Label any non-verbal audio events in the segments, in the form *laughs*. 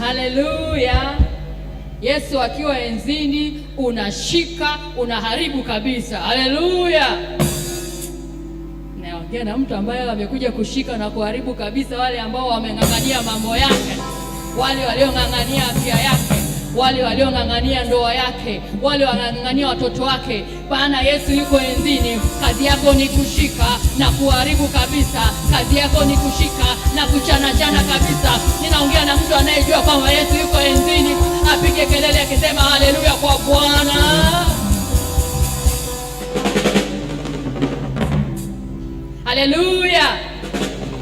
Haleluya! Yesu akiwa enzini, unashika unaharibu kabisa. Haleluya! Naongea na mtu ambaye amekuja kushika na kuharibu kabisa, wale ambao wameng'ang'ania mambo yake, wale waliong'ang'ania afya yake wale waliong'ang'ania ndoa yake, wale wanangania watoto wake. Bwana Yesu yuko enzini. Kazi yako ni kushika na kuharibu kabisa, kazi yako ni kushika na kuchanachana kabisa. Ninaongea na mtu anayejua kwamba Yesu yuko enzini, apige kelele akisema haleluya kwa Bwana. Haleluya!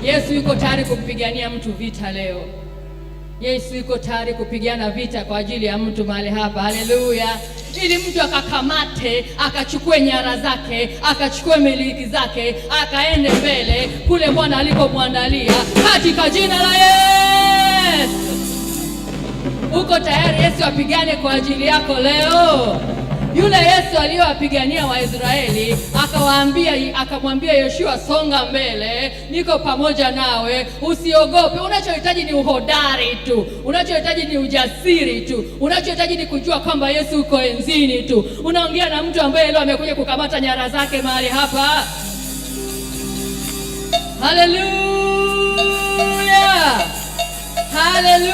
Yesu yuko tayari kumpigania mtu vita leo. Yesu yuko tayari kupigana vita kwa ajili ya mtu mahali hapa. Haleluya! ili mtu akakamate, akachukue nyara zake, akachukue miliki zake, akaende mbele kule Bwana alipomwandalia katika jina la Yesu. Uko tayari Yesu apigane kwa ajili yako leo? Yule Yesu aliyowapigania Waisraeli akawaambia, akamwambia Yoshua, songa mbele, niko pamoja nawe, usiogope. Unachohitaji ni uhodari tu, unachohitaji ni ujasiri tu, unachohitaji ni kujua kwamba Yesu uko enzini tu. Unaongea na mtu ambaye leo amekuja kukamata nyara zake mahali hapa. Haleluya, haleluya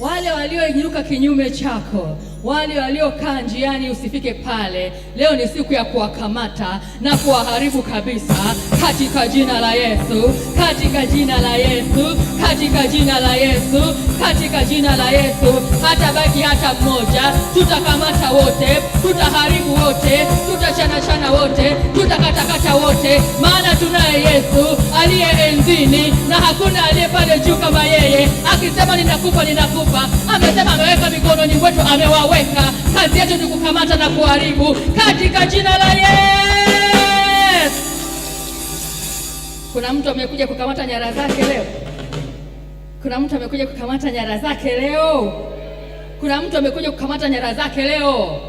wale walioinuka kinyume chako wale waliokaa njiani usifike pale, leo ni siku ya kuwakamata na kuwaharibu kabisa, katika jina la Yesu, katika jina la Yesu, katika jina la Yesu, katika jina la Yesu. Hata baki hata mmoja, tutakamata wote, tutaharibu wote, tutachanachana wote, tutakatakata wote, maana tunaye Yesu aliye enzini na hakuna aliye pale juu kama yeye, akisema ninakupa, ninakupa. Amesema ameweka mikononi mwetu, amewa umeweka. Kazi yetu ni kukamata na kuharibu katika jina la Yesu. Kuna mtu amekuja kukamata nyara zake leo? Kuna mtu amekuja kukamata nyara zake leo? Kuna mtu amekuja kukamata nyara zake leo?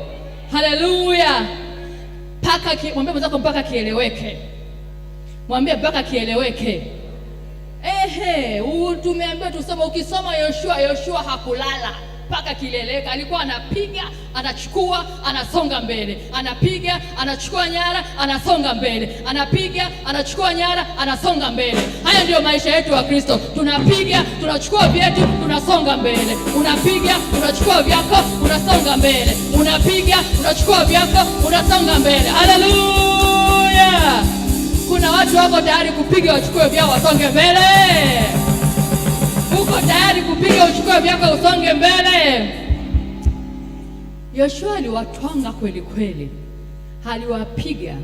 Haleluya! Paka mwambie mwenzako mpaka kieleweke, mwambie mpaka kieleweke. Ehe, tumeambiwa tusoma, ukisoma Yoshua, Yoshua hakulala mpaka kileleka. Alikuwa anapiga anachukua, anasonga mbele, anapiga anachukua nyara, anasonga mbele, anapiga anachukua nyara, anasonga mbele. Haya ndiyo maisha yetu wa Kristo, tunapiga tunachukua vyetu, tunasonga mbele. Unapiga unachukua vyako, unasonga mbele. Unapiga unachukua vyako, unasonga mbele. Haleluya! Kuna watu wako tayari kupiga wachukue vyao, wasonge mbele uko tayari kupiga uchukue vyako usonge mbele. Yoshua aliwatwanga kweli kweli, aliwapiga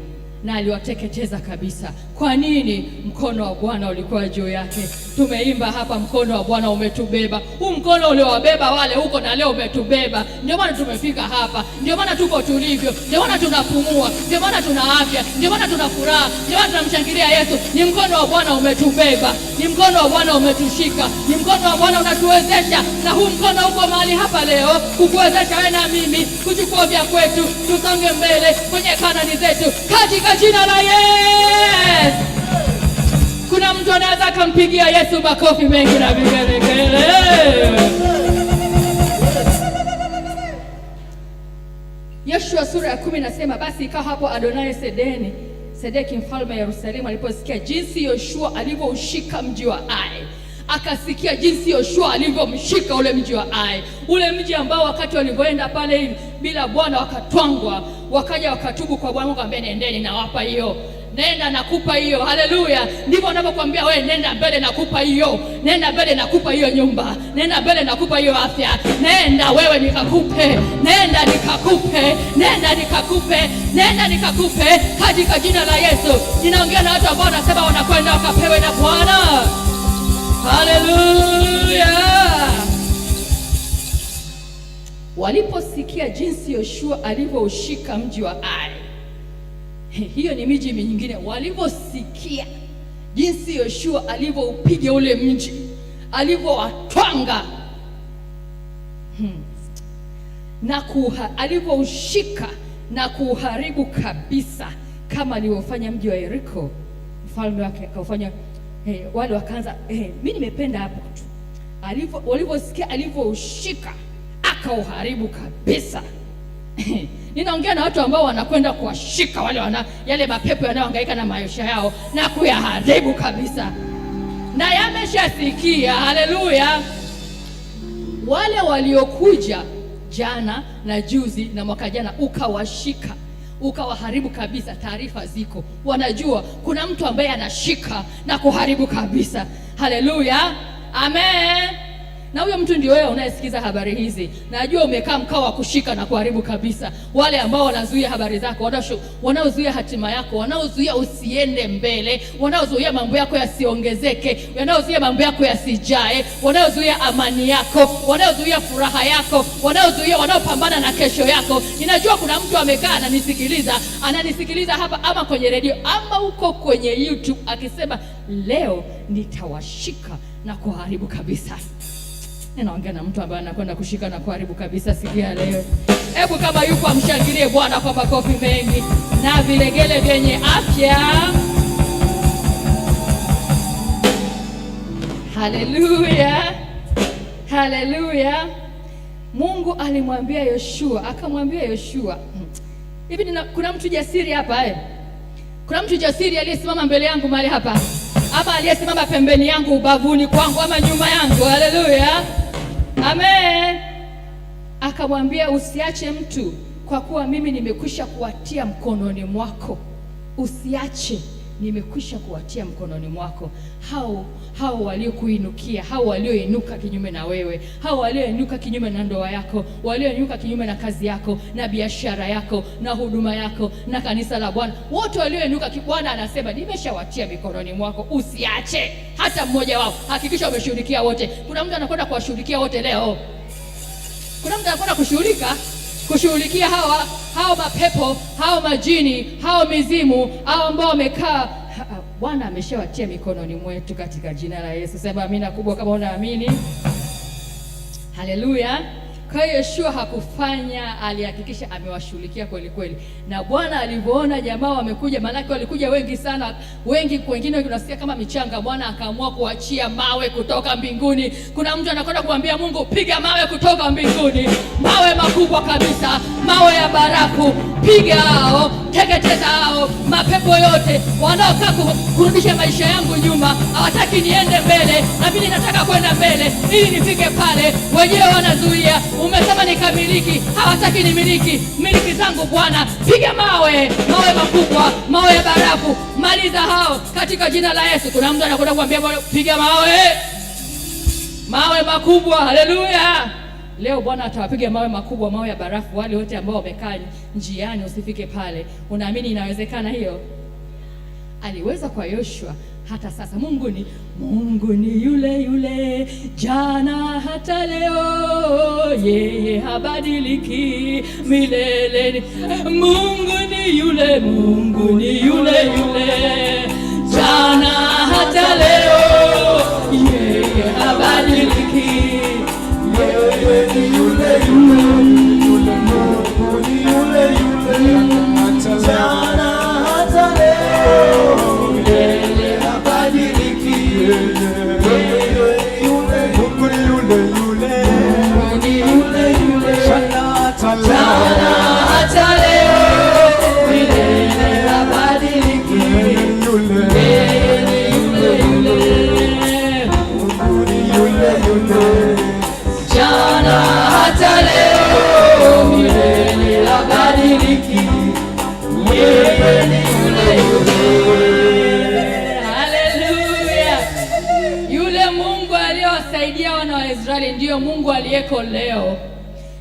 na aliwateketeza kabisa. Kwa nini? Mkono wa Bwana ulikuwa juu yake. Tumeimba hapa, mkono wa Bwana umetubeba. Huu mkono uliowabeba wale huko na leo umetubeba. Ndio maana tumefika hapa, ndio maana tuko tulivyo, ndio maana tunapumua, ndio maana tuna afya, ndio maana tuna furaha, ndio maana tunamshangilia Yesu. Ni mkono wa Bwana umetubeba, ni mkono wa Bwana umetushika, ni mkono wa Bwana unatuwezesha, na huu mkono uko mahali hapa leo kukuwezesha wewe na mimi kuchukua vya kwetu, tusonge mbele kwenye kanani zetu katika jina la Yesu. Kuna mtu anaweza akampigia Yesu makofi mengi na vigelegele. Yoshua sura ya kumi nasema, basi ikawa hapo Adonai Sedeni Sedeki mfalme wa Yerusalemu aliposikia jinsi Yoshua alivyoushika mji wa Ai akasikia jinsi Yoshua alivyomshika ule mji wa Ai, ule mji ambao wakati walivyoenda pale bila Bwana wakatwangwa, wakaja wakatubu kwa Bwana, akamwambia nendeni, nawapa hiyo nenda nakupa hiyo. Haleluya! Ndivyo anavyokuambia wewe, nenda mbele, nakupa hiyo. Nenda mbele, nakupa hiyo nyumba. Nenda mbele, nakupa hiyo afya. Nenda wewe, nikakupe. Nenda nikakupe. Nenda nikakupe. Nenda nikakupe, katika jina la Yesu. Ninaongea na watu ambao wanasema wanakwenda wakapewe na Bwana. Haleluya! Waliposikia jinsi Yoshua alivyoushika mji wa Ai, *laughs* hiyo ni miji mingine. Waliposikia jinsi Yoshua alivyoupiga ule mji, alivyowatwanga hmm, na alivyoushika na kuuharibu kabisa, kama alivyofanya mji wa Yeriko, mfalme wake akaufanya eh, wale wakaanza eh, mi nimependa hapo tu alivyo walivyosikia alivyoushika akauharibu kabisa. Eh, ninaongea na watu ambao wanakwenda kuwashika wale wana, yale mapepo yanayohangaika na maisha yao na kuyaharibu kabisa, na yameshasikia. Haleluya! wale waliokuja jana na juzi na mwaka jana ukawashika ukawaharibu kabisa. Taarifa ziko, wanajua kuna mtu ambaye anashika na kuharibu kabisa. Haleluya, amen na huyo mtu ndio wewe unayesikiza habari hizi. Najua umekaa mkao wa kushika na kuharibu kabisa, wale ambao wanazuia habari zako, wanaozuia hatima yako, wanaozuia usiende mbele, wanaozuia mambo yako yasiongezeke, wanaozuia mambo yako yasijae, wanaozuia amani yako, wanaozuia furaha yako, wanaozuia, wanaopambana na kesho yako. Ninajua kuna mtu amekaa ananisikiliza, ananisikiliza hapa ama kwenye redio ama huko kwenye YouTube akisema leo nitawashika na kuharibu kabisa. Ninaongea na mtu ambaye anakwenda kushika na kuharibu kabisa siku ya leo. Hebu kama yuko amshangilie Bwana kwa makofi mengi na vilegele vyenye afya. Haleluya, haleluya. Mungu alimwambia Yoshua, akamwambia Yoshua, hivi kuna mtu jasiri hapa eh? Kuna mtu jasiri aliyesimama mbele yangu mahali hapa ama aliyesimama pembeni yangu, ubavuni kwangu ama nyuma yangu? Haleluya. Amen. Akamwambia, usiache mtu, kwa kuwa mimi nimekwisha kuwatia mkononi mwako, usiache nimekwisha kuwatia mkononi mwako hao hao waliokuinukia, hao walioinuka kinyume na wewe, hao walioinuka kinyume na ndoa yako, walioinuka kinyume na kazi yako na biashara yako na huduma yako na kanisa la Bwana, wote walioinuka, Bwana anasema nimeshawatia mikononi mwako, usiache hata mmoja wao. Hakikisha umeshughulikia wote. Kuna mtu anakwenda kuwashughulikia wote leo, kuna mtu anakwenda kushughulika kushughulikia hawa hao mapepo hao majini hao mizimu hao ambao wamekaa. Bwana ameshawatia mikononi mwetu katika jina la Yesu. Sema amina kubwa kama unaamini. Haleluya. Kwa hiyo Yoshua hakufanya, alihakikisha amewashughulikia kweli kweli, na Bwana alivyoona jamaa wamekuja, maanake walikuja wengi sana, wengi wengine unasikia kama michanga. Bwana akaamua kuachia mawe kutoka mbinguni. Kuna mtu anakwenda kumwambia Mungu, piga mawe kutoka mbinguni, mawe makubwa kabisa, mawe ya barafu, piga hao kuteketeza hao mapepo yote wanaokaa kurudisha maisha yangu nyuma, hawataki niende mbele, na mimi nataka kwenda mbele ili nifike pale. Wenyewe wanazuia, umesema nikamiliki, hawataki nimiliki miliki zangu. Bwana, piga mawe, mawe makubwa, mawe ya barafu, maliza hao katika jina la Yesu. Kuna mtu anakwenda kuambia piga mawe, mawe makubwa. Haleluya! Leo Bwana atawapiga mawe makubwa, mawe ya barafu, wale wote ambao wamekaa njiani usifike pale. Unaamini inawezekana hiyo? Aliweza kwa Yoshua hata sasa. Mungu ni Mungu ni yule yule jana hata leo, yeye habadiliki milele. Mungu ni yule, Mungu ni yule yule jana hata leo yule ni yule yule, ni yule yule, yule, Israeli ndiyo Mungu aliyeko leo.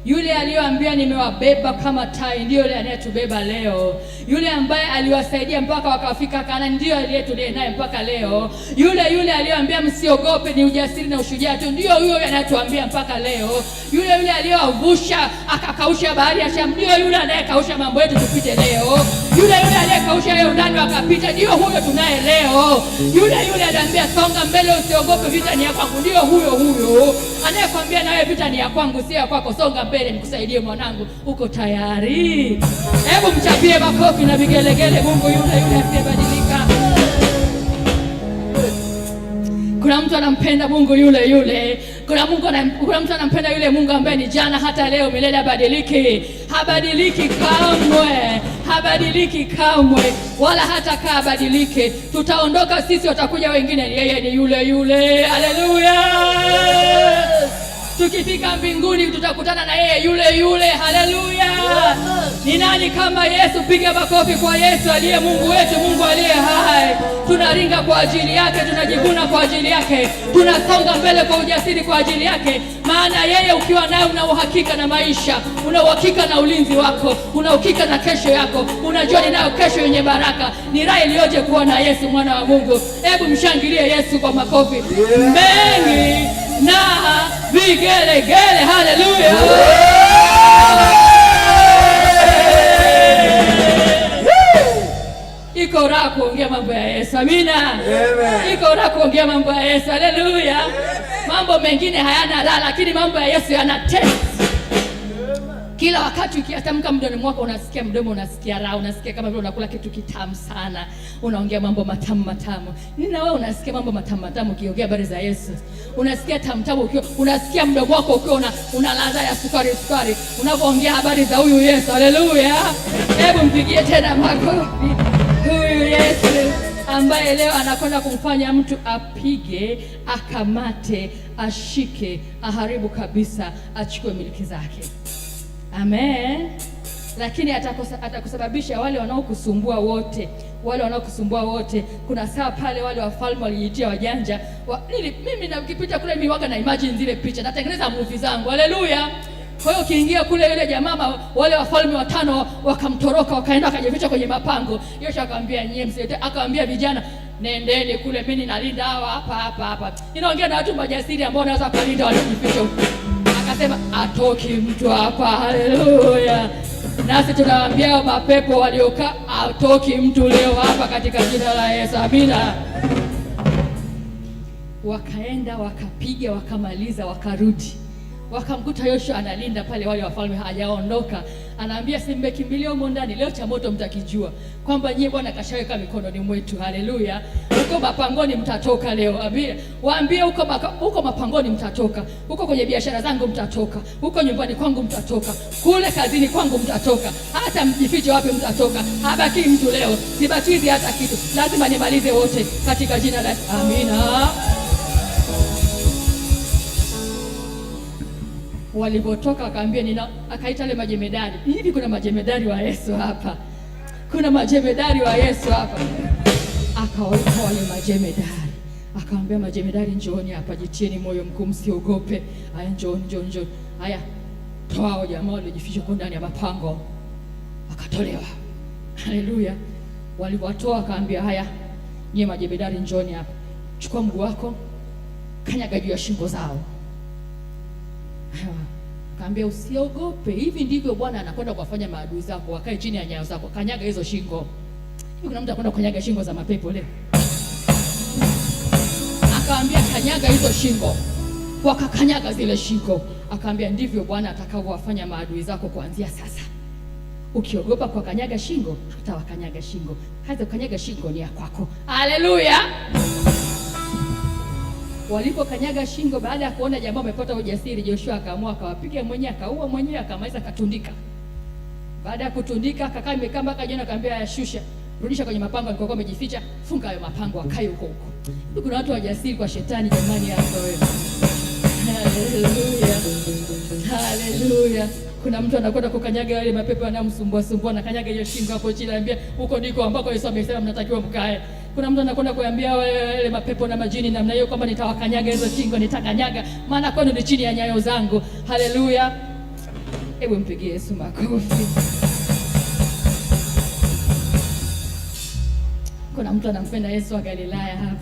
Yule aliyoambia nimewabeba kama tai ndiyo yule anayetubeba leo. Yule ambaye aliwasaidia mpaka wakafika Kana ndiyo aliyetulia naye mpaka leo. Yule yule aliyoambia msiogope, ni ujasiri na ushujaa tu, ndiyo huyo anayetuambia mpaka leo. Yule yule aliyowavusha akakausha bahari ya Shamu ndiyo yule anayekausha mambo yetu tupite leo. Yule yule aliyekausha Yordani wakapita ndiyo huyo tunaye leo. Yule yule anaambia songa mbele, usiogope, vita ni yako, ndiyo huyo huyo anayekwambia nawe vita ni ya kwangu, si ya kwako. Songa mbele, nikusaidie mwanangu. Uko tayari? Hebu mchapie makofi na vigelegele. Mungu yule yule asiyebadilika. Kuna mtu anampenda Mungu yule yule. Kuna Mungu na, kuna mtu anampenda yule Mungu ambaye ni jana hata leo milele, abadiliki. habadiliki kamwe, habadiliki kamwe, wala hata kaa badilike. Tutaondoka sisi, watakuja wengine, yeye ni yule yule. Haleluya! tukifika mbinguni tutakutana na yeye yule yule. Haleluya! Ni nani kama Yesu? Piga makofi kwa Yesu aliye Mungu wetu, Mungu aliye hai. Tunaringa kwa ajili yake, tunajivuna kwa ajili yake, tunasonga mbele kwa ujasiri kwa ajili yake, maana yeye ukiwa naye una uhakika na maisha, una uhakika na ulinzi wako, una uhakika na kesho yako. Unajua ninayo kesho yenye baraka. Ni raha iliyoje kuwa na Yesu mwana wa Mungu. Hebu mshangilie Yesu kwa makofi mengi na vigelegele. Haleluya! Iko raha kuongea mambo ya Yesu. Amina, iko raha kuongea mambo ya Yesu. Haleluya! Mambo mengine hayana raha, lakini mambo ya Yesu yanatesa kila wakati ukiatamka mdomoni mwako unasikia mdomo unasikia raha, unasikia kama vile unakula kitu kitamu sana, unaongea mambo matamu matamu. Ni na wewe unasikia mambo matamu matamu ukiongea habari za Yesu, unasikia tamu tamu ukiwa unasikia mdomo wako ukiwa una, una ladha ya sukari sukari unapoongea habari za huyu Yesu. Haleluya! Hebu mpigie tena makofi huyu Yesu ambaye leo anakwenda kumfanya mtu apige, akamate, ashike, aharibu kabisa, achukue miliki zake. Amen. Lakini atakusababisha wale wanaokusumbua wote, wale wanaokusumbua wote. Kuna saa pale wale wafalme walijitia wajanja wa, nili, mimi nakipita kule miwaga na imagine zile picha, natengeneza movie zangu. Haleluya! Kwa hiyo ukiingia kule, yule jamaa wale wafalme watano wakamtoroka, wakaenda wakajificha kwenye mapango. Yoshua akamwambia nyie msilete, akamwambia vijana nendeni kule, mimi ninalinda hawa hapa hapa hapa. Inaongea na watu majasiri ambao wanaweza kulinda walijificha huko anasema atoki mtu hapa. Haleluya! Nasi tunawaambia mapepo waliokaa, atoki mtu leo hapa katika jina la Yesu. Amina. Wakaenda wakapiga, wakamaliza, wakarudi, wakamkuta Yoshua analinda pale, wale wafalme hajaondoka. Anaambia si mmekimbilia humo ndani, leo cha moto mtakijua kwamba nyie Bwana kashaweka mikononi mwetu. Haleluya! huko mapangoni mtatoka leo. Ambie, waambie huko huko mapangoni mtatoka, huko kwenye biashara zangu mtatoka, huko nyumbani kwangu mtatoka, kule kazini kwangu mtatoka, hata mjifiche wapi mtatoka. Habaki mtu leo, sibakizi hata kitu, lazima nimalize wote katika jina la Amina. Walipotoka akaambia nina, akaita ile majemedari hivi, kuna majemedari wa Yesu hapa, kuna majemedari wa Yesu hapa akaokole majemedari, akaambia majemedari, njooni hapa, jitieni moyo mkuu, msiogope. aya njooni, njoo njooni. Haya, toa hao jamaa waliojificha huko ndani ya mapango, akatolewa Haleluya! Waliwatoa akaambia, haya nyie majemedari, njooni hapa, chukua mguu wako, kanyaga juu ya shingo zao. Kaambia usiogope, hivi ndivyo Bwana anakwenda kuwafanya maadui zako wakae chini ya nyayo zako. Kanyaga hizo shingo kuna mtu akwenda kukanyaga shingo za mapepo leo. Akaambia kanyaga hizo shingo, wakakanyaga zile shingo. Akaambia ndivyo Bwana atakavyowafanya maadui zako kuanzia sasa. Ukiogopa kwa kanyaga shingo, hata wakanyaga shingo. Kazi ya kukanyaga shingo ni ya kwako. Haleluya! Walipokanyaga shingo, baada ya kuona jamaa amepata ujasiri, Joshua akaamua akawapiga mwenyewe, akaua mwenyewe, akamaliza, akatundika. Baada ya kutundika, akakaa imekaa mpaka jioni, akaambia yashusha rudisha kwenye mapango alikokuwa amejificha, funga hayo mapango, akae huko huko. Kuna watu wajasiri kwa shetani jamani, hasa wewe. Haleluya, haleluya. Kuna mtu anakwenda kukanyaga yale mapepo yanayomsumbua sumbua, anakanyaga hiyo shingo hapo chini, anambia huko ndiko ambako Yesu amesema mnatakiwa mkae. Kuna mtu anakwenda kuambia yale mapepo na majini namna hiyo kwamba nitawakanyaga hizo shingo, nitakanyaga maana kwenu ni chini ya nyayo zangu. Haleluya, hebu mpigie Yesu makofi. kuna mtu anampenda Yesu wa Galilaya hapa,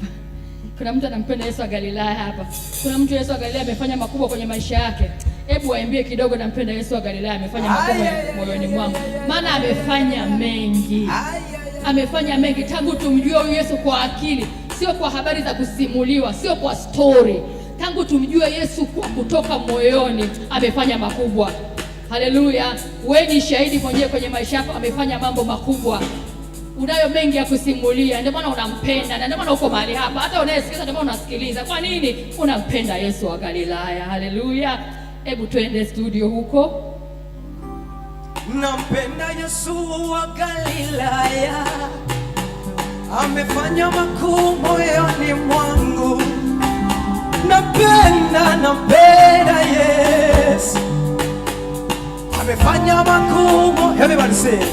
kuna mtu anampenda Yesu wa Galilaya hapa, kuna mtu Yesu wa Galilaya amefanya makubwa kwenye maisha yake. Hebu waambie kidogo, nampenda Yesu wa Galilaya, amefanya makubwa moyoni mwangu, maana amefanya mengi, amefanya mengi tangu tumjue huyu Yesu kwa akili, sio kwa habari za kusimuliwa, sio kwa story. Tangu tumjue Yesu kwa kutoka moyoni, amefanya makubwa. Haleluya! Wewe ni shahidi mwenyewe kwenye maisha yako, amefanya mambo makubwa unayo mengi ya kusimulia, ndio maana unampenda na ndio maana uko mahali hapa. Hata unayesikiliza ndio maana unasikiliza. Kwa nini? Unampenda Yesu wa Galilaya. Haleluya! Hebu twende studio huko. Nampenda Yesu wa Galilaya, amefanya makuu moyoni mwangu. Nampenda, nampenda Yesu, amefanya makuu Everybody say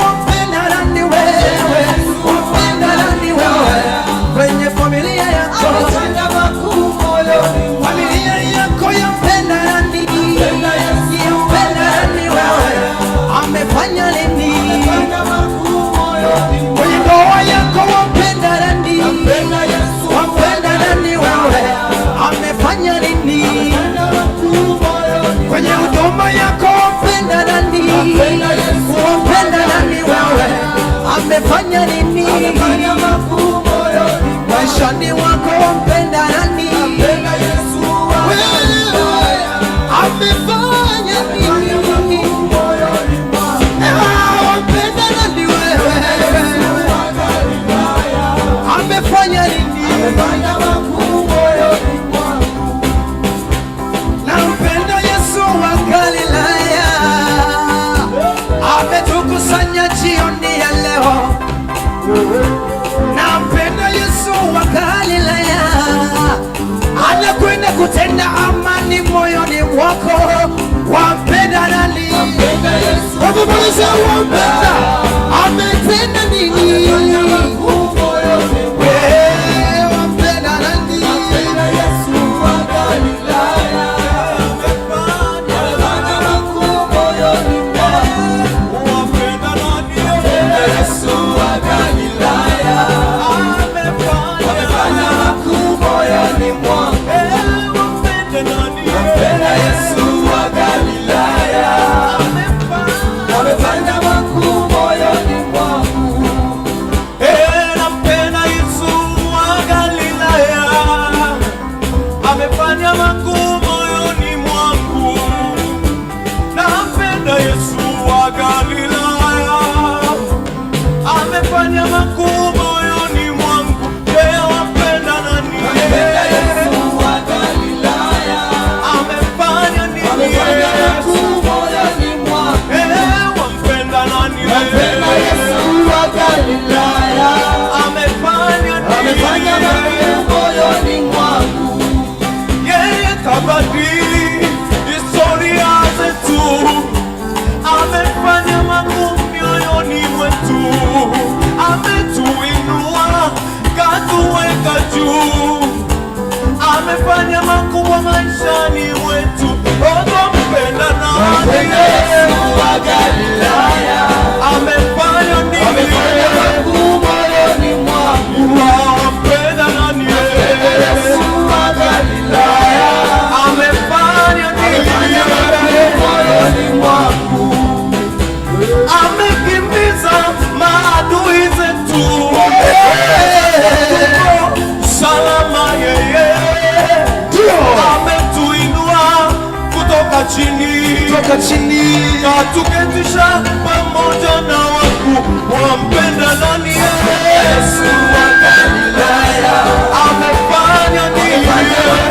Amefanya nini maishani wako? shall wonder. amefanya makubwa maishani mwetu, ogompenda na wa Galilaya Tumeweka chini na tuketisha pamoja na waku wampenda nani? Yesu wa Galilaya amefanya nini?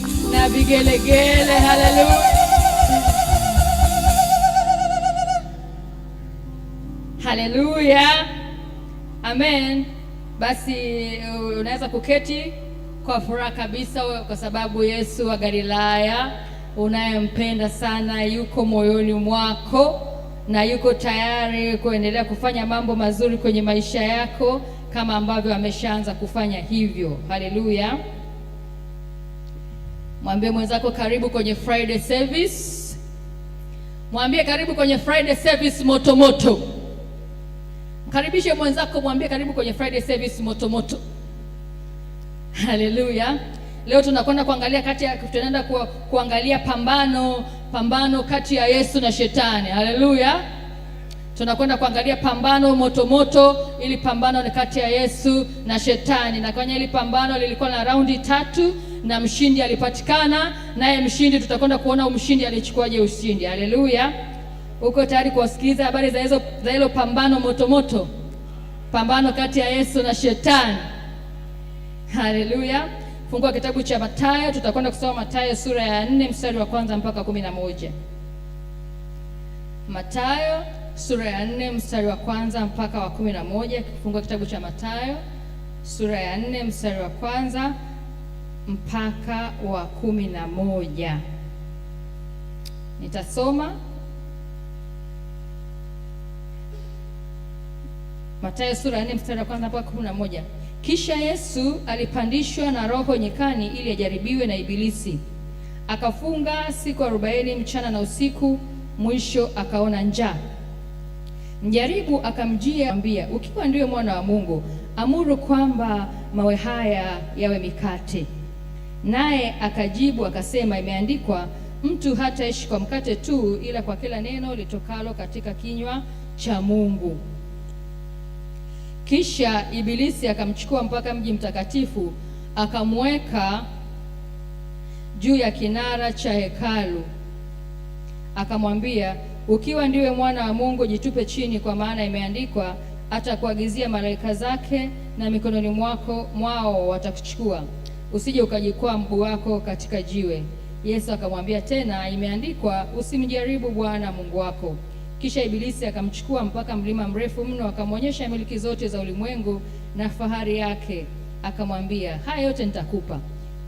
na vigelegele. Haleluya, haleluya, amen. Basi uh, unaweza kuketi kwa furaha kabisa, kwa sababu Yesu wa Galilaya unayempenda sana yuko moyoni mwako na yuko tayari kuendelea kufanya mambo mazuri kwenye maisha yako kama ambavyo ameshaanza kufanya hivyo. Haleluya. Mwambie mwenzako karibu kwenye Friday service, mwambie karibu kwenye Friday service moto moto. Mkaribishe mwenzako, mwambie karibu kwenye Friday service moto moto. Haleluya! Leo tunakwenda kuangalia kati ya tunaenda ku, kuangalia pambano, pambano kati ya Yesu na Shetani. Haleluya! tunakwenda kuangalia pambano moto moto. Ili pambano ni kati ya Yesu na Shetani, na kwenye ili pambano lilikuwa na raundi tatu na mshindi alipatikana, naye mshindi tutakwenda kuona mshindi alichukuaje ushindi. Haleluya! Uko tayari kuwasikiliza habari za hizo za hilo pambano motomoto moto? Pambano kati ya Yesu na Shetani. Haleluya! Fungua kitabu cha Mathayo, tutakwenda kusoma Mathayo sura ya nne mstari wa kwanza mpaka kumi na moja. Mathayo sura ya nne mstari wa kwanza mpaka wa kumi na moja. Kifungua kitabu cha Mathayo sura ya nne mstari wa kwanza mpaka wa kumi na moja. Nitasoma Mathayo sura ya 4 mstari wa kwanza mpaka kumi na moja. Kisha Yesu alipandishwa na Roho nyikani ili ajaribiwe na Ibilisi. Akafunga siku arobaini mchana na usiku, mwisho akaona njaa. Mjaribu akamjia ambia, ukiwa ndiwe mwana wa Mungu, amuru kwamba mawe haya yawe mikate. Naye akajibu akasema, imeandikwa, mtu hataishi kwa mkate tu, ila kwa kila neno litokalo katika kinywa cha Mungu. Kisha Ibilisi akamchukua mpaka mji mtakatifu, akamweka juu ya kinara cha hekalu, akamwambia, ukiwa ndiwe mwana wa Mungu, jitupe chini, kwa maana imeandikwa, atakuagizia malaika zake, na mikononi mwako mwao watakuchukua usije ukajikwaa mguu wako katika jiwe. Yesu akamwambia tena, imeandikwa, usimjaribu Bwana Mungu wako. Kisha Ibilisi akamchukua mpaka mlima mrefu mno, akamwonyesha miliki zote za ulimwengu na fahari yake, akamwambia, haya yote nitakupa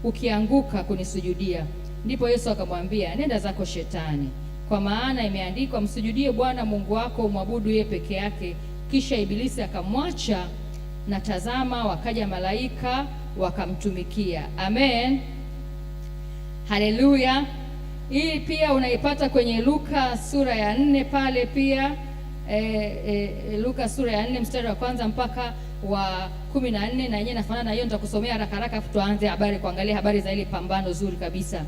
ukianguka kunisujudia. Ndipo Yesu akamwambia, nenda zako Shetani, kwa maana imeandikwa, msujudie Bwana Mungu wako, umwabudu yeye peke yake. Kisha Ibilisi akamwacha, na tazama, wakaja malaika wakamtumikia. Amen, haleluya. Hii pia unaipata kwenye Luka sura ya nne pale pia e, e, e, Luka sura ya nne mstari wa kwanza mpaka wa kumi na nne na yenyewe nafanana na hiyo. Nitakusomea haraka haraka tuanze habari kuangalia habari za ile pambano zuri kabisa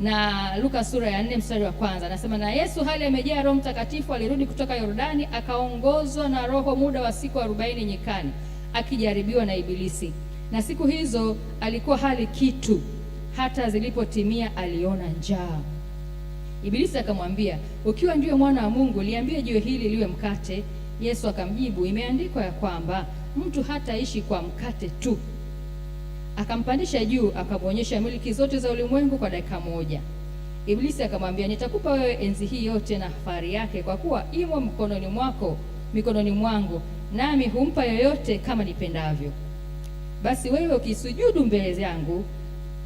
na Luka sura ya nne mstari wa kwanza anasema, na Yesu hali amejaa Roho Mtakatifu alirudi kutoka Yordani akaongozwa na Roho muda wa siku arobaini nyikani akijaribiwa na Ibilisi na siku hizo alikuwa hali kitu, hata zilipotimia aliona njaa. Ibilisi akamwambia, ukiwa ndiwe mwana wa Mungu liambie jiwe hili liwe mkate. Yesu akamjibu, imeandikwa ya kwamba mtu hataishi kwa mkate tu. Akampandisha juu, akamwonyesha milki zote za ulimwengu kwa dakika moja. Ibilisi akamwambia, nitakupa wewe enzi hii yote na fahari yake, kwa kuwa imo mkononi mwako mikononi mwangu, nami humpa yoyote kama nipendavyo basi wewe ukisujudu mbele zangu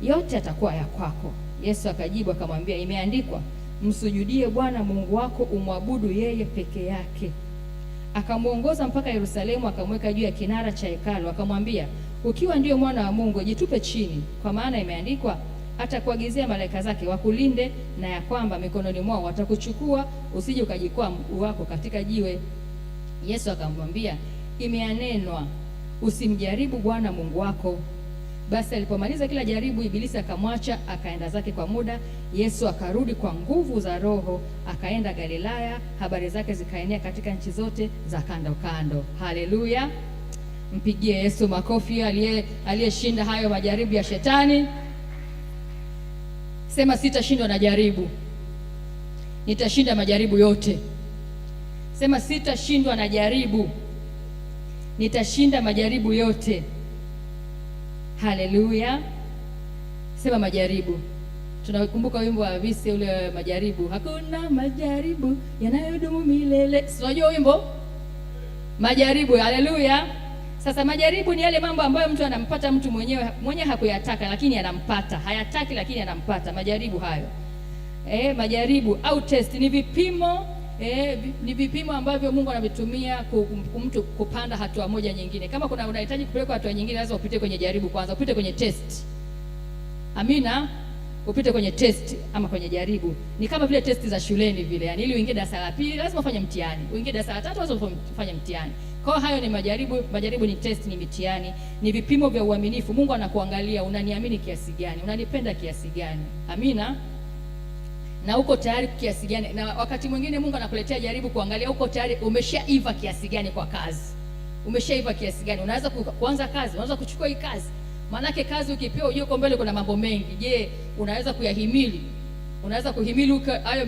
yote atakuwa ya kwako. Yesu akajibu akamwambia, imeandikwa, msujudie Bwana Mungu wako, umwabudu yeye peke yake. Akamwongoza mpaka Yerusalemu, akamweka juu ya kinara cha hekalu, akamwambia, ukiwa ndiyo mwana wa Mungu, jitupe chini, kwa maana imeandikwa, atakuagizia malaika zake wakulinde, na ya kwamba mikononi mwao watakuchukua, usije ukajikwaa mguu wako katika jiwe. Yesu akamwambia, imeanenwa usimjaribu Bwana Mungu wako. Basi alipomaliza kila jaribu, Ibilisi akamwacha akaenda zake kwa muda. Yesu akarudi kwa nguvu za Roho, akaenda Galilaya, habari zake zikaenea katika nchi zote za kando kando. Haleluya! Mpigie Yesu makofi, aliyeshinda hayo majaribu ya Shetani. Sema, sitashindwa na jaribu, nitashinda majaribu yote. Sema, sitashindwa na jaribu nitashinda majaribu yote. Haleluya, sema majaribu. Tunakumbuka wimbo wa visi ule majaribu, hakuna majaribu yanayodumu milele. Si unajua wimbo majaribu? Haleluya. Sasa majaribu ni yale mambo ambayo mtu anampata mtu mwenyewe mwenyewe, hakuyataka lakini anampata, hayataki lakini anampata, majaribu hayo. E, majaribu au test ni vipimo E, ni vipimo ambavyo Mungu anavitumia mtu kupanda hatua moja nyingine. Kama kuna unahitaji kupelekwa hatua nyingine, lazima upite kwenye jaribu kwanza, upite kwenye test. Amina, upite kwenye test ama kwenye jaribu. Ni kama vile testi za shuleni vile, yani ili uingie darasa la pili lazima ufanye mtihani, uingie darasa la tatu lazima ufanye mtihani. Kwa hayo ni majaribu. Majaribu ni test, ni mitihani, ni vipimo vya uaminifu. Mungu anakuangalia, unaniamini kiasi gani, unanipenda kiasi gani. Amina na uko tayari kiasi gani, na wakati mwingine Mungu anakuletea jaribu kuangalia uko tayari, umeshaiva kiasi gani kwa kazi, umeshaiva kiasi gani, unaweza kuanza kazi, unaweza kuchukua hii kazi. Maanake kazi ukipewa, ujue uko mbele kuna mambo mengi. Je, unaweza kuyahimili? Unaweza kuhimili hayo